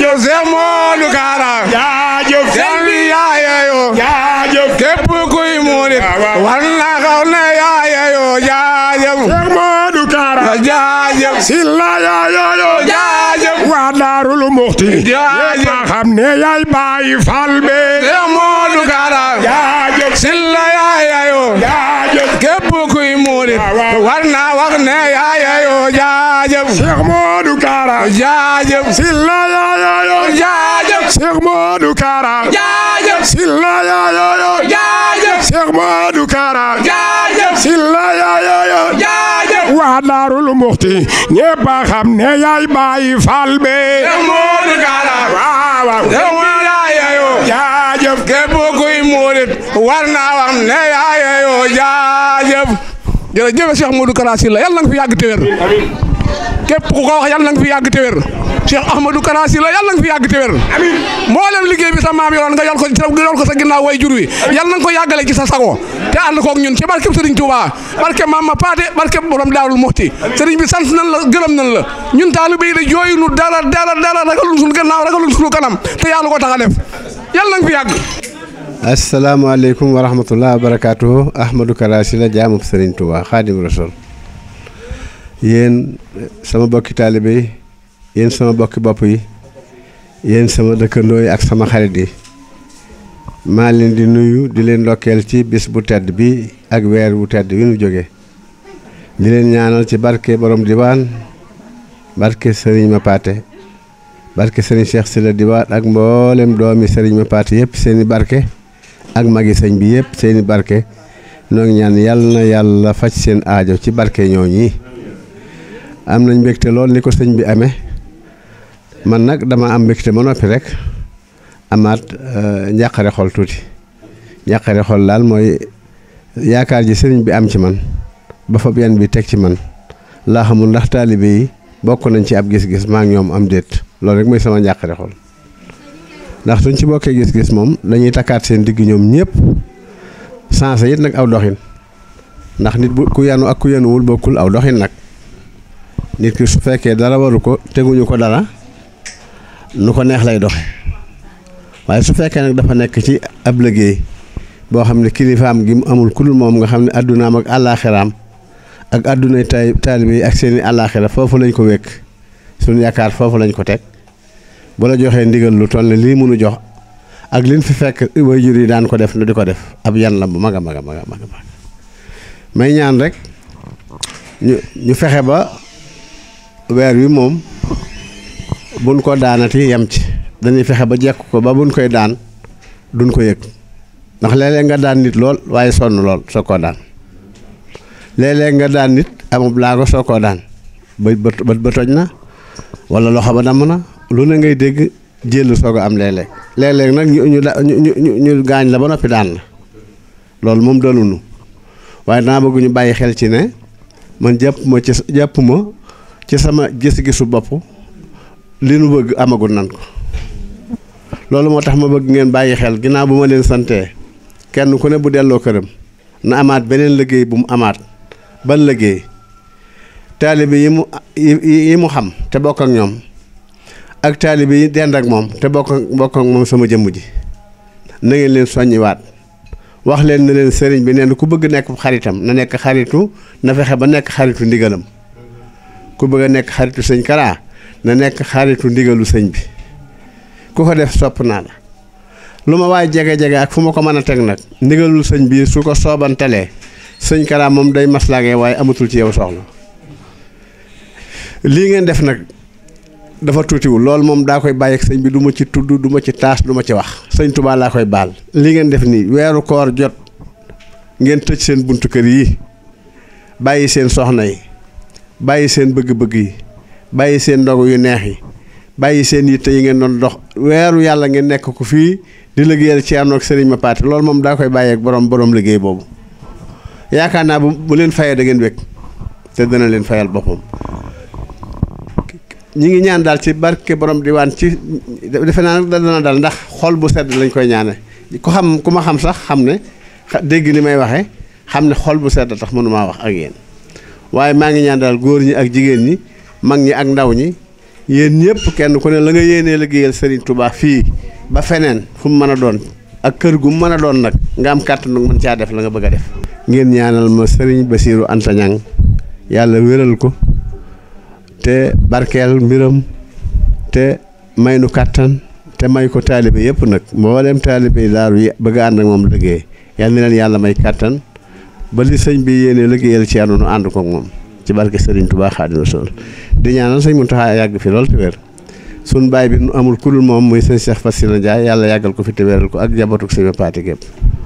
jaajëf Seex Moodu Kaara jaajëf sëñ bi yaayeyo jaajëf képp kuy murit war na xaw ne yaayeyo jaajëf Seex Moodu Kaara jaajëf Silla yaayeyo jaajëf waa Daarul Muxti jaajëf ma xam ne yaay bàyyi fal be Seex Moodu Kaara jaajëf Silla yaayeyo jaajëf képp kuy murit war na wax ne yaayeyo jaajëf Seex Moodu Kara jaajëf Sylla yooyooyo jaajëf Cheikh Modou Kara jaajëf Sylla yooyooyo jaajëf Cheikh Modou Kara jaajëf Sylla yooyooyo jaajëf waa Daarul Muxti ñépp a xam ne yaay Baay Faal be Cheikh Modou Kara waaw waaw jaajëf képp kuy murit war naa wax ne yaay yoo jaajëf jërëjëf Cheikh Modou Kara Sylla yàlla na nga fi yàgg te wér képp ku ko wax yàlla na nga fi yàgg te wér Cheikh Ahmadou Kara na nga fi yàgg te wér mboolem liggéey bi sa maam yoon nga yor ko sa ginnaaw way jur wi yàlla na nga ko yàggale ci sa sago te ànd koog ñun ci barkeb Serigne Touba barkeb Mama Paate barkeb borom Daarul Muxti Serigne bi sant nan la gërëm nan la ñun taalibe yi de jooyu nu dara dara dara ragalul suñu gannaaw ragalul kanam te yàlla ko tax a def yàlla na nga fi yàgg asalaamaaleykum wa rahmatullah wa barakaatu Ahmadou Kara Sylla jaamub Serigne Yen sama bokki taalibe yen sama bokki bop yi yen sama dëkkandoo yi ak sama xarit yi ma leen di nuyu di leen lokkel ci bis bu tedd bi ak weer bu tedd wi nu joge di leen ñaanal ci barke borom diwaan barke ma paté barke serigne Cheikh Sylla diwaan ak mboolem doomi ma paté yépp seeni barke ak magi serigne bi yépp seeni barke noo ñaan yalla na yàlla seen aajo ci barke ñooñi am nañ mbégte lool ni ko sëñ bi amee man nag dama am mbégte ma noppi rek amaat euh, njàqare xol tuuti njàqare xol daal mooy yaakaar ji sëriñ bi am ci man ba fab yan bi teg ci man laa xamul ndax taalibe yi bokk nañ ci ab gis-gis maa ngi ñoom am déet loolu rek mooy sama njàqare xol ndax suñ ci bokkee gis-gis moom dañuy takkaat seen digg ñoom ñëpp sensé it nag aw doxin ndax nit bu ku yanu ak ku yanuwul bokkul aw doxin nag nit ki su fekkee dara waru ko teguñu ko dara nu ko neex lay doxe waaye su fekkee nag dafa nekk ci ab liggéey boo xam ne kilifaam gi mu amul ku dul moom nga xam ne addunaam ak àllaaxiraam ak addunay tay taalibe yi ak seeni àllaaxira foofu lañ ko wékk suñu yaakaar foofu lañ ko teg bu la joxee ndigal lu toll ne lii munu jox ak liñ fi fekk jur yi daan ko def nu di ko def ab yan la bu mag a mag a mag a mag may ñaan rek ñu ñu fexe ba weer wi moom buñ ko daanati yem ci dañuy fexe ba jekk ko ba buñ koy daan duñ ko yëg ndax léeg-léeg nga daan nit lool waaye sonn lool soo koo daan léeg-léeg nga daan nit amub laago soo koo daan ba bët ba toj na wala loxo ba damm na lu ne ngay dégg jël soog a am léeg-léeg léeg-léeg nag ñu ñu ñu ñu gaañ la ba noppi daan la loolu moom dalunu waaye naa bëgg ñu bàyyi xel ci ne man jàpp ma ci jàpp ma ci sama gis-gisu bopp li nu bëgg amagul nan ko loolu moo tax ma bëgg ngeen bàyyi xel ginnaaw bu ma leen santee kenn ku ne bu delloo këram na amaat beneen liggéey bu mu amaat ban liggéey taalibe yi mu yi mu xam te bokk ak ñoom ak taalibe yi dend ak moom te bokk bokk ak moom sama jëmm ji na ngeen leen soññiwaat wax leen ne leen sëriñ bi neen ku bëgg nekk xaritam na nekk xaritu na fexe ba nekk xaritu ndigalam ku bëgg a nekk xaritu sëñ karaa na nekk xaritu ndigalu sëñ bi ku ko def sopp naa la lu ma waay jege-jege ak fu ma ko mën a teg nag ndigalul sëñ bi su ko soobantalee sëñ Kara moom day maslaage waaye amatul ci yow soxla lii ngeen def nag dafa tuutiwul lool moom daa koy bàyyi sëñ bi du ma ci tudd duma ci taas du ma ci wax sëñ Tuubaa laa koy baal lii ngeen def nii weeru koor jot ngeen tëj seen buntu kër yi bàyyi seen soxna yi Bayi sen bëgg-bëgg yi bayi sen ndogu yu neex yi bayi sen yitte yi ngeen non dox weeru yalla ngeen nekk ko fi di liggéeyal Thierno ak Serigne mapat lool mom da koy ak borom borom liggéey bobu yaakaar naa bu bu leen fayé da ngeen wék té dana leen fayal boppam. ñi ngi ñaan dal ci barké borom diwan ci defé na nak dana dal ndax xol bu sedd lañ koy ñaané ko xam kuma xam sax xamné dégg ni may waxé xamné xol bu sedd tax mënumaa wax ak yeen waaye maa ngi ñaan daal góor ñi ak jigéen ñi mag ñi ak ndaw ñi yéen ñëpp kenn ku ne la nga yéenee liggéeyal Serigne Touba fii ba feneen fu mu mën a doon ak kër gu mën a doon nag ngaam am kàttan nag mën caa def la nga bëgg a def. ngeen ñaanal ma Serigne Bassirou Anta Niang yàlla wéral ko te barkeel mbiram te may nu kàttan te may ko taalibe yëpp nag mboolem taalibe yi daaru bëgg ànd ak moom liggéey yal na yàlla may kàttan. ba li sëñ bi yéene liggéeyal ci yàlla nu ànd ko moom ci barke Serigne Touba Xaadimu Rasuul di ñaanal sëñ mu Muntaxa yàgg fi lool te wér suñ baay bi nu amul kulul moom muy sëñ Cheikh Fassina Ndiaye yàlla yàggal ko fi te wéral ko ak jabotuk sëñ Paati gépp